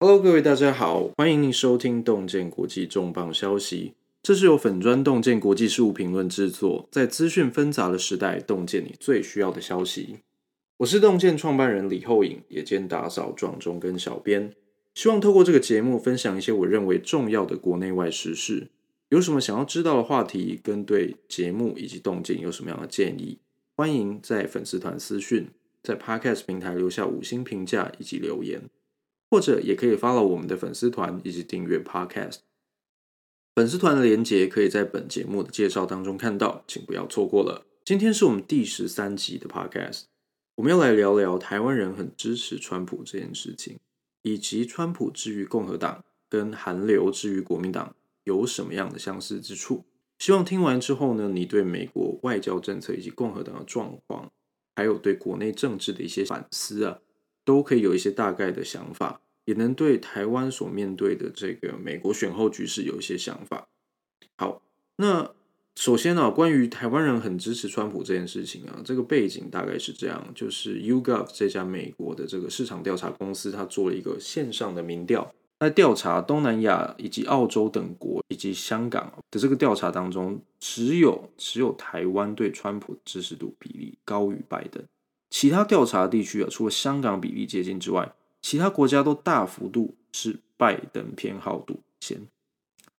Hello，各位大家好，歡迎您收聽洞見國際重磅消息。這是由粉專洞見國際事務評論製作，在資訊紛雜的時代，洞見你最需要的消息。我是洞見創辦人李厚穎，也兼打掃、撞鐘跟小編。希望透過這個節目，分享一些我認為重要的國內外時事。有什麼想要知道的話題，跟對節目以及洞見有什麼樣的建議，歡迎在粉絲團私訊，在 Podcast 平台留下五星評價以及留言。或者也可以 follow 我們的粉絲團以及訂閱 Podcast。粉絲團的鏈接可以在本節目的介紹當中看到，請不要錯過了。今天是我們第十三集的 Podcast，我們要來聊聊台灣人很支持川普這件事情，以及川普之於共和黨跟韓流之於國民黨有什麼樣的相似之處。希望聽完之後呢，你對美國外交政策以及共和黨的狀況，還有對國內政治的一些反思啊。都可以有一些大概的想法，也能對台灣所面對的這個美國選後局勢有一些想法。好，那首先呢，啊，關於台灣人很支持川普這件事情啊，這個背景大概是這樣，就是 YouGov 這家美國的這個市場調查公司，它做了一個線上的民調，在調查東南亞以及澳洲等國以及香港的這個調查當中，只有只有台灣對川普的支持度比例高於拜登。其他調查的地區啊，除了香港比例接近之外，其他國家都大幅度是拜登偏好度先。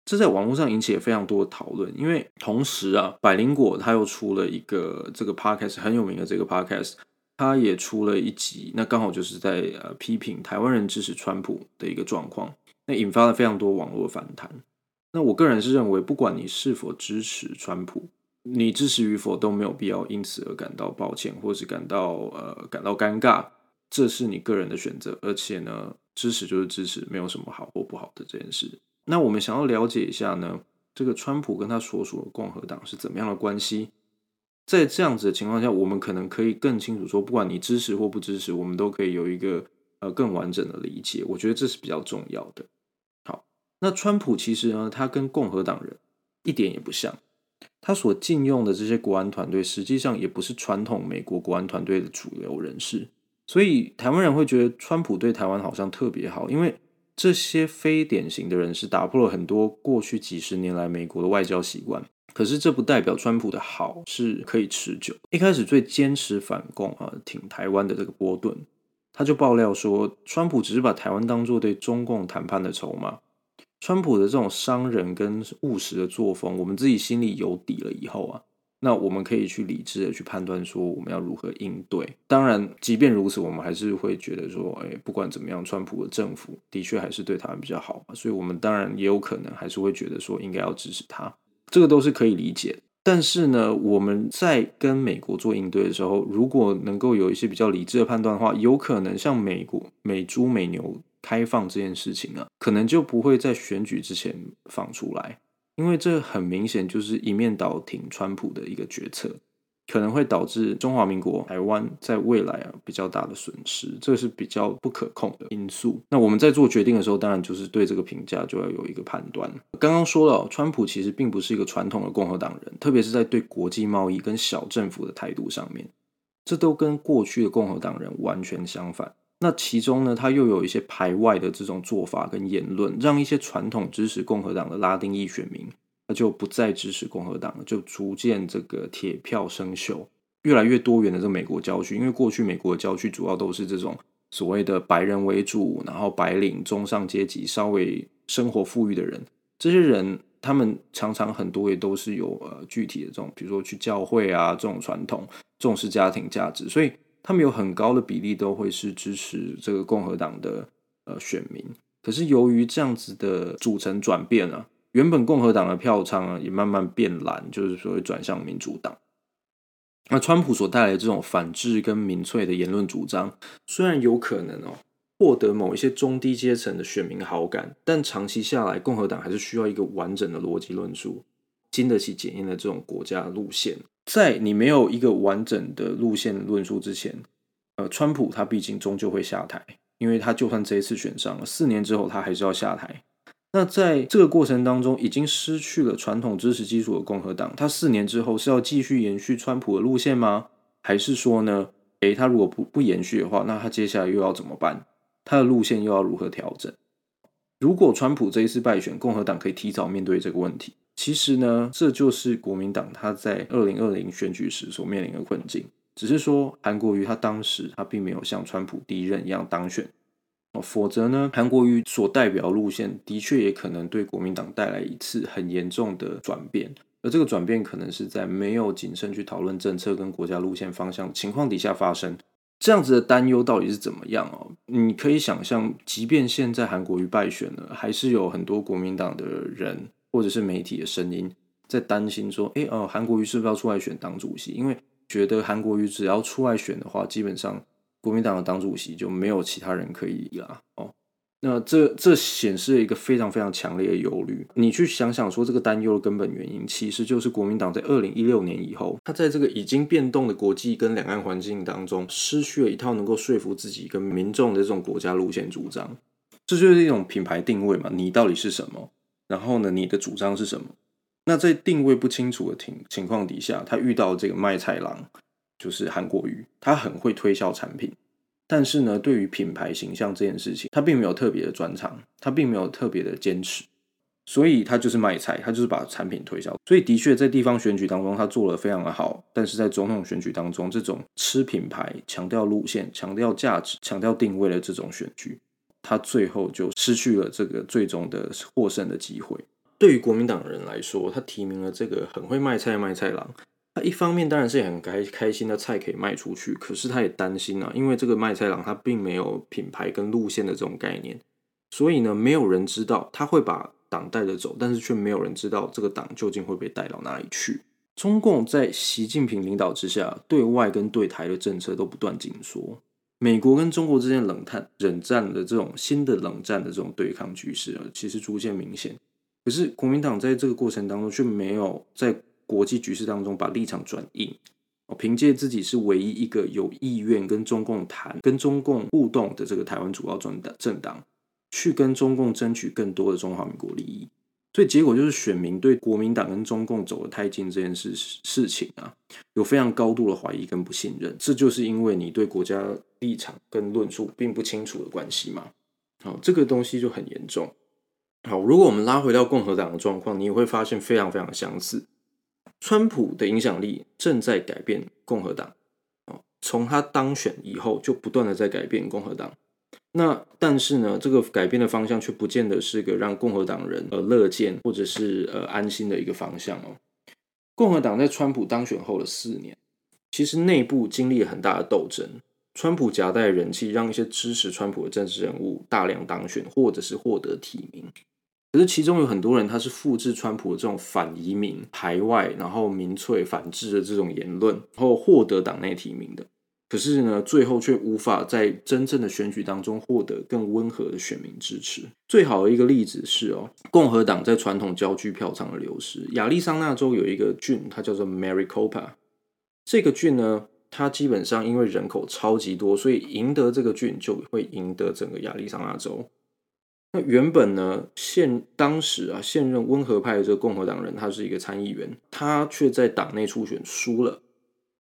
這在網絡上引起了非常多的討論，因為同時啊，百靈果它又出了一個這個 podcast 很有名的這個 podcast，他也出了一集，那剛好就是在呃批評台灣人支持川普的一個狀況，那引發了非常多網絡反彈。那我個人是認為，不管你是否支持川普。你支持與否都沒有必要，因此而感到抱歉，或是感到呃感到尷尬，這是你個人的選擇。而且呢，支持就是支持，沒有什麼好或不好的這件事。那我們想要了解一下呢，這個川普跟他所屬的共和黨是怎麼樣的關係？在這樣子的情況下，我們可能可以更清楚說，不管你支持或不支持，我們都可以有一個呃更完整的理解。我覺得這是比較重要的。好，那川普其實呢，他跟共和黨人一點也不像。他所進用的這些國安團隊，實際上也不是傳統美國國安團隊的主流人士，所以台灣人會覺得川普對台灣好像特別好，因為這些非典型的人士打破了很多過去幾十年來美國的外交習慣。可是這不代表川普的好是可以持久。一開始最堅持反共啊挺台灣的這個波頓，他就爆料說，川普只是把台灣當做對中共談判的籌碼。川普的這種商人跟務實的作風，我們自己心裡有底了以後啊，那我們可以去理智的去判斷說，我們要如何應對。當然，即便如此，我們還是會覺得說，哎、欸，不管怎麼樣，川普的政府的確還是對他們比較好，所以我們當然也有可能還是會覺得說應該要支持他，這個都是可以理解。但是呢，我們在跟美國做應對的時候，如果能夠有一些比較理智的判斷的話，有可能像美國、美豬、美牛。開放這件事情呢、啊，可能就不會在選舉之前放出來，因為這很明顯就是一面倒挺川普的一個決策，可能會導致中華民國台灣在未來啊比較大的損失，這是比較不可控的因素。那我們在做決定的時候，當然就是對這個評價就要有一個判斷。剛剛說了，川普其實並不是一個傳統的共和黨人，特別是在對國際貿易跟小政府的態度上面，這都跟過去的共和黨人完全相反。那其中呢，他又有一些排外的這種做法跟言論，讓一些傳統支持共和黨的拉丁裔選民，他就不再支持共和黨了，就逐漸這個鐵票生鏽，越來越多元的這個美國郊區，因為過去美國的郊區主要都是這種所謂的白人為主，然後白領中上階級，稍微生活富裕的人，這些人他們常常很多也都是有呃具體的這種，比如說去教會啊這種傳統，重視家庭價值，所以。他們有很高的比例都會是支持這個共和黨的呃選民，可是由於這樣子的組成轉變啊，原本共和黨的票倉啊也慢慢變藍，就是說轉向民主黨。那川普所帶來的這種反智跟民粹的言論主張，雖然有可能哦獲得某一些中低階層的選民好感，但長期下來，共和黨還是需要一個完整的邏輯論述。經得起檢驗的這種國家路線，在你沒有一個完整的路線的論述之前，呃，川普他畢竟終究會下台，因為他就算這一次選上了，四年之後他還是要下台。那在這個過程當中，已經失去了傳統支持基礎的共和黨，他四年之後是要繼續延續川普的路線嗎？還是說呢？誒，他如果不不延續的話，那他接下來又要怎麼辦？他的路線又要如何調整？如果川普這一次敗選，共和黨可以提早面對這個問題。其實呢，這就是國民黨他在二零二零選舉時所面臨的困境。只是說，韓國瑜他當時他並沒有像川普第一任一樣當選哦，否則呢，韓國瑜所代表的路線的確也可能對國民黨帶來一次很嚴重的轉變。而這個轉變可能是在沒有謹慎去討論政策跟國家路線方向情況底下發生。這樣子的擔憂到底是怎麼樣哦？你可以想象，即便現在韓國瑜敗選了，還是有很多國民黨的人。或者是媒體的聲音在擔心說：“哎哦、呃，韓國瑜是不是要出來選黨主席？因為覺得韓國瑜只要出外選的話，基本上國民黨的黨主席就沒有其他人可以啦。”哦，那這這顯示了一個非常非常強烈的憂慮。你去想想說，這個擔憂的根本原因，其實就是國民黨在二零一六年以後，他在這個已經變動的國際跟兩岸環境當中，失去了一套能夠說服自己跟民眾的這種國家路線主張。這就是一種品牌定位嘛，你到底是什麼？然後呢，你的主張是什麼？那在定位不清楚的情情況底下，他遇到這個賣菜郎，就是韓國瑜，他很會推銷產品，但是呢，對於品牌形象這件事情，他並沒有特別的專長，他並沒有特別的堅持，所以他就是賣菜，他就是把產品推銷。所以的確在地方選舉當中，他做得非常的好，但是在總統選舉當中，這種吃品牌、強調路線、強調價值、強調定位的這種選舉。他最後就失去了這個最終的獲勝的機會。對於國民黨的人來說，他提名了這個很會賣菜的賣菜郎。他一方面當然是很開開心的菜可以賣出去，可是他也擔心啊，因為這個賣菜郎他並沒有品牌跟路線的這種概念，所以呢，沒有人知道他會把黨帶着走，但是卻沒有人知道這個黨究竟會被帶到哪裡去。中共在習近平領導之下，對外跟對台的政策都不斷緊縮。美國跟中國之間冷戰、冷戰的這種新的冷戰的這種對抗局勢啊，其實逐漸明顯。可是國民黨在這個過程當中，卻沒有在國際局勢當中把立場轉硬。哦，憑借自己是唯一一個有意願跟中共談、跟中共互動的這個台灣主要政黨政黨，去跟中共爭取更多的中華民國利益。所以結果就是，選民對國民黨跟中共走得太近這件事事情啊，有非常高度的懷疑跟不信任。這就是因為你對國家立場跟論述並不清楚的關係嘛。好，這個東西就很嚴重。好，如果我們拉回到共和黨的狀況，你也會發現非常非常相似。川普的影響力正在改變共和黨，從他當選以後，就不斷的在改變共和黨。那但是呢，這個改變的方向卻不見得是一個讓共和黨人呃樂見或者是呃安心的一個方向哦。共和黨在川普當選後的四年，其實內部經歷了很大的鬥爭。川普夾帶人氣，讓一些支持川普的政治人物大量當選，或者是獲得提名。可是其中有很多人，他是複製川普的這種反移民、排外，然後民粹、反制的這種言論，然後獲得黨內提名的。可是呢，最後卻無法在真正的選舉當中獲得更溫和的選民支持。最好的一個例子是哦，共和黨在傳統郊區票倉的流失。亞利桑那州有一個郡，它叫做 Maricopa。這個郡呢，它基本上因為人口超級多，所以贏得這個郡就會贏得整個亞利桑那州。那原本呢，現當時啊，現任溫和派的這個共和黨人，他是一個參議員，他卻在黨內初選輸了。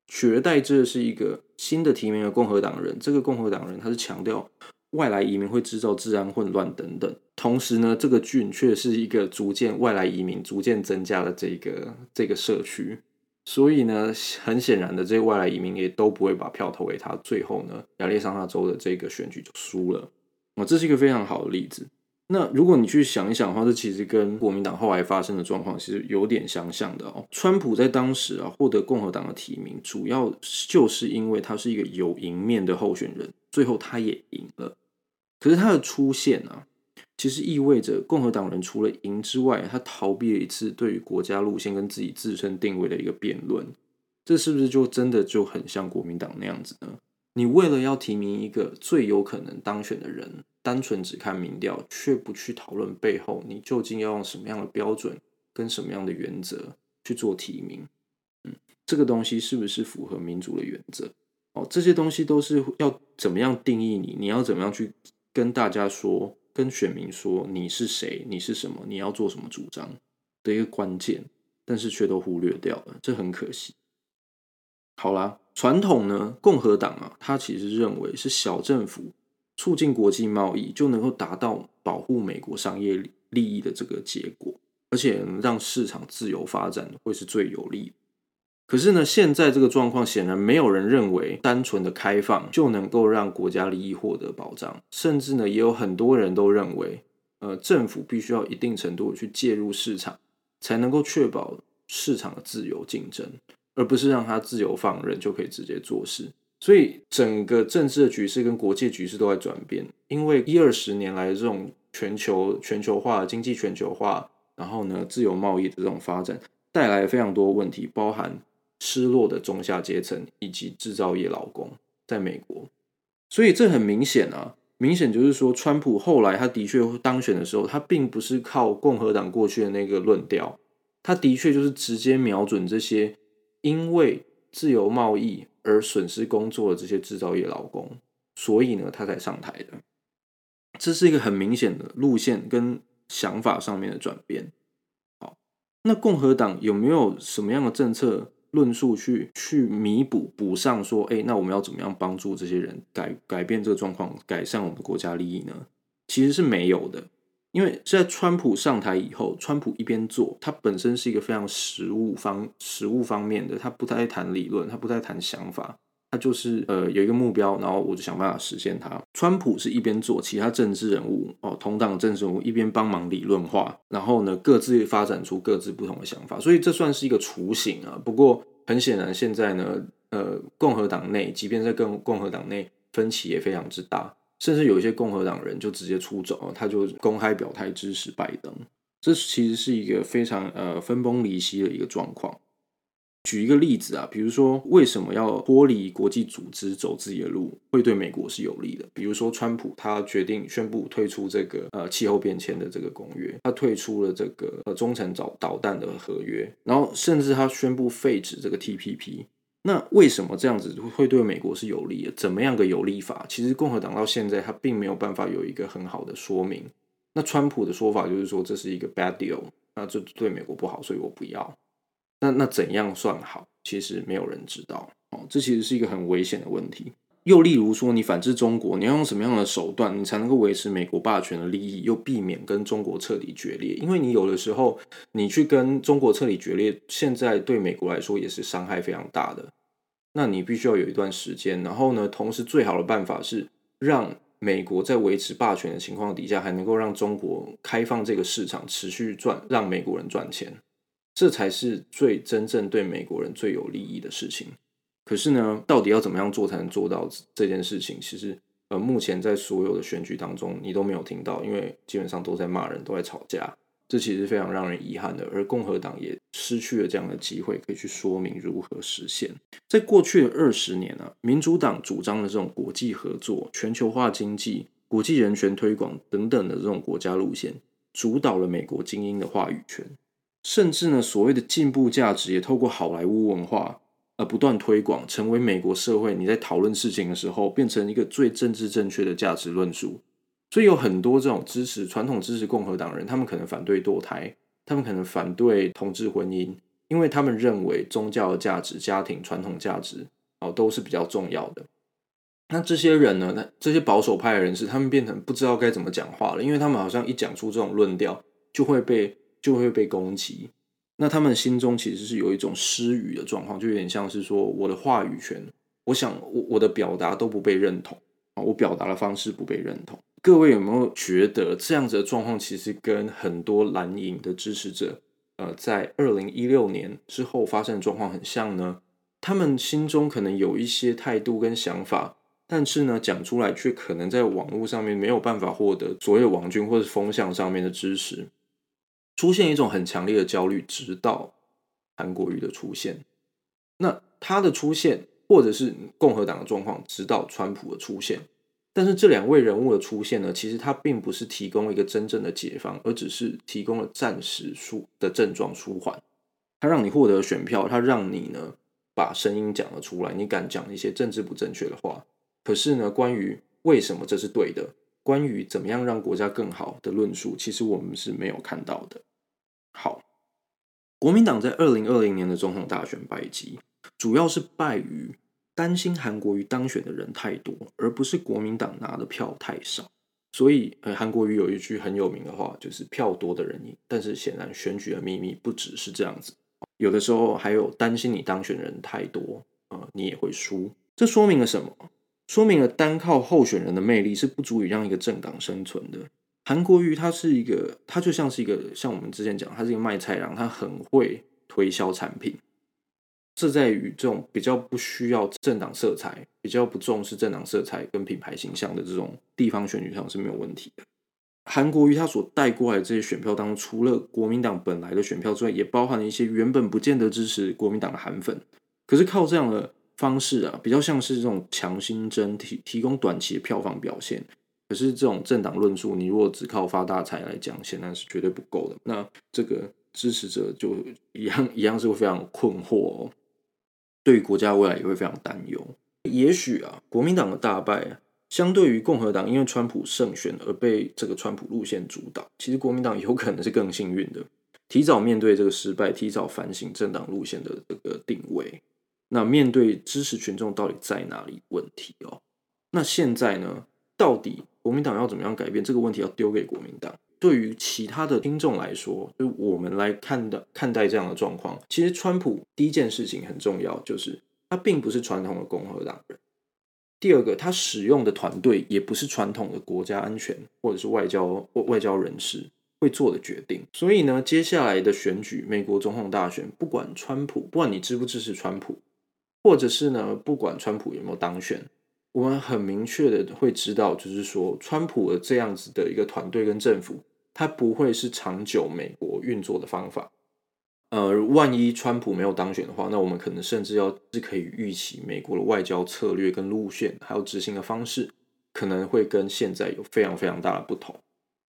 取而代之的是一個新的提名的共和黨人，這個共和黨人他是強調外來移民會制造治安混亂等等，同時呢，這個郡卻是一個逐漸外來移民逐漸增加了這個這個社區，所以呢，很顯然的，這些外來移民也都不會把票投給他，最後呢，亞利桑那州的這個選舉就輸了，啊，這是一個非常好的例子。那如果你去想一想的話，這其實跟國民黨後來發生的狀況其實有點相像的哦。川普在當時啊獲得共和黨的提名，主要就是因為他是一個有贏面的候選人，最後他也贏了。可是他的出現啊，其實意味着共和黨人除了贏之外，他逃避了一次對於國家路線跟自己自身定位的一個辯論。這是不是就真的就很像國民黨那樣子呢？你為了要提名一個最有可能當選的人，單純只看民調，卻不去討論背後你究竟要用什麼樣的標準跟什麼樣的原則去做提名，嗯，這個東西是不是符合民主的原則？哦，這些東西都是要怎麼樣定義你？你要怎麼樣去跟大家說、跟選民說你是誰？你是什麼？你要做什麼主張的一個關鍵，但是卻都忽略掉了，這很可惜。好啦，傳統呢，共和黨啊，它其實認為是小政府。促進國際貿易，就能夠達到保護美國商業利益的這個結果，而且能讓市場自由發展會是最有利。可是呢，現在這個狀況顯然沒有人認為單純的開放就能夠讓國家利益獲得保障，甚至呢，也有很多人都認為，呃，政府必須要一定程度的去介入市場，才能夠確保市場的自由競爭，而不是讓它自由放任就可以直接做事。所以整個政治的局勢跟國際局勢都在轉變，因為一二十年來的這種全球全球化、經濟全球化，然後呢，自由貿易的這種發展，帶來非常多問題，包含失落的中下階層以及製造業勞工在美國。所以這很明顯啊，明顯就是說，川普後來他的確當選的時候，他並不是靠共和黨過去的那個論調，他的確就是直接瞄準這些，因為。自由貿易而損失工作的這些制造業勞工，所以呢，他才上台的。這是一個很明顯的路線跟想法上面的轉變。好，那共和黨有沒有什麼樣的政策論述去去彌補補上？說，哎，那我們要怎麼樣幫助這些人改改變這個狀況，改善我們國家利益呢？其實是沒有的。因為現在川普上台以後，川普一邊做，他本身是一個非常實務方、實務方面的，他不太談理論，他不太談想法，他就是呃有一個目標，然後我就想辦法實現它。川普是一邊做，其他政治人物哦，同黨政治人物一邊幫忙理論化，然後呢，各自發展出各自不同的想法，所以這算是一個雛形啊。不過很顯然，現在呢，呃，共和黨內，即便在共共和黨內，分歧也非常之大。甚至有一些共和黨人就直接出走，他就公開表態支持拜登。這其實是一個非常呃分崩離析的一個狀況。舉一個例子啊，比如說為什麼要脫離國際組織走自己的路，會對美國是有利的？比如說川普他決定宣布退出這個呃氣候變遷的這個公約，他退出了這個呃中程導導彈的合約，然後甚至他宣布廢止這個 TPP。那為什麼這樣子會對美國是有利的？怎麼樣個有利法？其實共和黨到現在他並沒有辦法有一個很好的說明。那川普的說法就是說，這是一個 bad deal，那這對美國不好，所以我不要。那那怎樣算好？其實沒有人知道。哦，這其實是一個很危險的問題。又例如說，你反制中國，你要用什麼樣的手段，你才能夠維持美國霸權的利益，又避免跟中國徹底決裂？因為你有的時候，你去跟中國徹底決裂，現在對美國來說也是傷害非常大的。那你必須要有一段時間，然後呢，同時最好的辦法是讓美國在維持霸權的情況底下，還能夠讓中國開放這個市場，持續賺，讓美國人賺錢，這才是最真正對美國人最有利益的事情。可是呢，到底要怎麼樣做才能做到這件事情？其實，呃，目前在所有的選舉當中，你都沒有聽到，因為基本上都在罵人，都在吵架，這其實非常讓人遺憾的。而共和黨也失去了這樣的機會，可以去說明如何實現。在過去的二十年呢，啊，民主黨主張的這種國際合作、全球化經濟、國際人權推廣等等的這種國家路線，主導了美國精英的話語權，甚至呢，所謂的進步價值也透過好萊塢文化。呃，不斷推廣，成為美國社會，你在討論事情的時候，變成一個最政治正確的價值論述。所以有很多這種支持傳統支持共和黨人，他們可能反對墮胎，他們可能反對同志婚姻，因為他們認為宗教的價值、家庭傳統價值哦、呃、都是比較重要的。那這些人呢？那這些保守派的人士，他們變成不知道該怎麼講話了，因為他們好像一講出這種論調，就會被就會被攻擊。那他們心中其實是有一種失語的狀況，就有點像是說我的話語權，我想我我的表達都不被認同啊，我表達的方式不被認同。各位有沒有覺得這樣子的狀況，其實跟很多藍營的支持者，呃，在二零一六年之後發生的狀況很像呢？他們心中可能有一些態度跟想法，但是呢，講出來卻可能在網絡上面沒有辦法獲得所有網軍或者風向上面的支持。出現一種很強烈的焦慮，直到韓國瑜的出現。那他的出現，或者是共和黨的狀況，直到川普的出現。但是這兩位人物的出現呢，其實他並不是提供一個真正的解方，而只是提供了暫時舒的症狀舒緩。他讓你獲得了選票，他讓你呢把聲音講了出來，你敢講一些政治不正確的話。可是呢，關於為什麼這是對的，關於怎麼樣讓國家更好的論述，其實我們是沒有看到的。好，國民黨在二零二零年的總統大選敗績，主要是敗於擔心韓國瑜當選的人太多，而不是國民黨拿的票太少。所以，呃，韓國瑜有一句很有名的話，就是票多的人贏。但是，顯然選舉的秘密不只是這樣子，有的時候還有擔心你當選人太多，呃，你也會輸。這說明了什麼？說明了單靠候選人的魅力是不足以讓一個政黨生存的。韓國瑜他是一個，他就像是一個，像我們之前講，他是一個賣菜郎，他很會推銷產品。這在於這種比較不需要政黨色彩，比較不重視政黨色彩跟品牌形象的這種地方選舉上是沒有問題的。韓國瑜他所帶過來的這些選票當中，除了國民黨本來的選票之外，也包含了一些原本不見得支持國民黨的韓粉。可是靠這樣的方式啊，比較像是這種強心針，提提供短期的票房表現。可是這種政黨論述，你如果只靠發大財來講，顯然是絕對不夠的。那這個支持者就一樣一樣是會非常困惑哦，對於國家未來也會非常擔憂。也許啊，國民黨的大敗，相對於共和黨因為川普勝選而被這個川普路線主導，其實國民黨有可能是更幸運的，提早面對這個失敗，提早反省政黨路線的這個定位。那面對支持群眾到底在哪裡問題哦，那現在呢？到底國民黨要怎麼樣改變這個問題，要丟給國民黨。對於其他的聽眾來說，就我們來看的看待這樣的狀況，其實川普第一件事情很重要，就是他並不是傳統的共和黨人。第二個，他使用的團隊也不是傳統的國家安全或者是外交或外交人士會做的決定。所以呢，接下來的選舉，美國總統大選，不管川普，不管你支不支持川普，或者是呢，不管川普有沒有當選。我們很明確的會知道，就是說，川普的這樣子的一個團隊跟政府，它不會是長久美國運作的方法。呃，萬一川普沒有當選的話，那我們可能甚至要是可以預期，美國的外交策略跟路線，還有執行的方式，可能會跟現在有非常非常大的不同。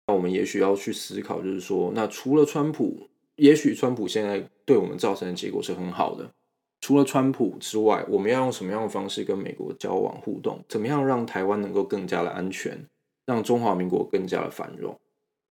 那我們也許要去思考，就是說，那除了川普，也許川普現在對我們造成的結果是很好的。除了川普之外，我們要用什麼樣的方式跟美國交往互動？怎麼樣讓台灣能夠更加的安全，讓中華民國更加的繁榮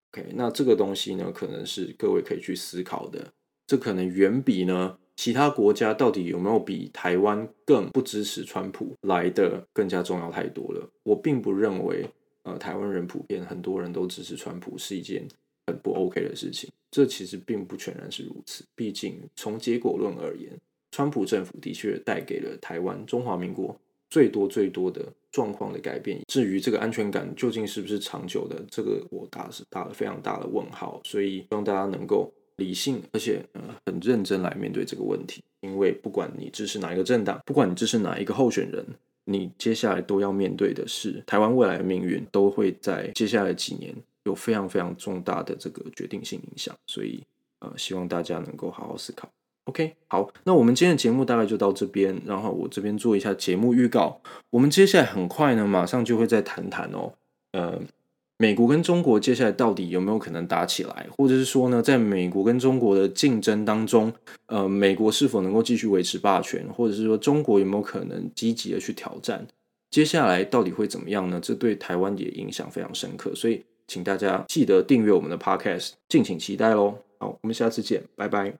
？OK，那這個東西呢，可能是各位可以去思考的。這可能遠比呢其他國家到底有沒有比台灣更不支持川普來得更加重要太多了。我並不認為，呃，台灣人普遍很多人都支持川普是一件很不 OK 的事情。這其實並不全然是如此，畢竟從結果論而言。川普政府的確帶給了台灣、中華民國最多最多的狀況的改變。至於這個安全感究竟是不是長久的，這個我打是打了非常大的問號。所以希望大家能夠理性，而且呃很認真來面對這個問題。因為不管你支持哪一個政黨，不管你支持哪一個候選人，你接下來都要面對的是台灣未來的命運，都會在接下來幾年有非常非常重大的這個決定性影響。所以呃希望大家能夠好好思考。OK，好，那我們今天的節目大概就到這邊，然後我這邊做一下節目預告。我們接下來很快呢，馬上就會再談談哦。呃，美國跟中國接下來到底有沒有可能打起來，或者是說呢，在美國跟中國的競爭當中，呃，美國是否能夠繼續維持霸權，或者是說中國有沒有可能積極的去挑戰？接下來到底會怎麼樣呢？這對台灣也影響非常深刻，所以請大家記得訂閱我們的 Podcast，敬請期待嘍。好，我們下次見，拜拜。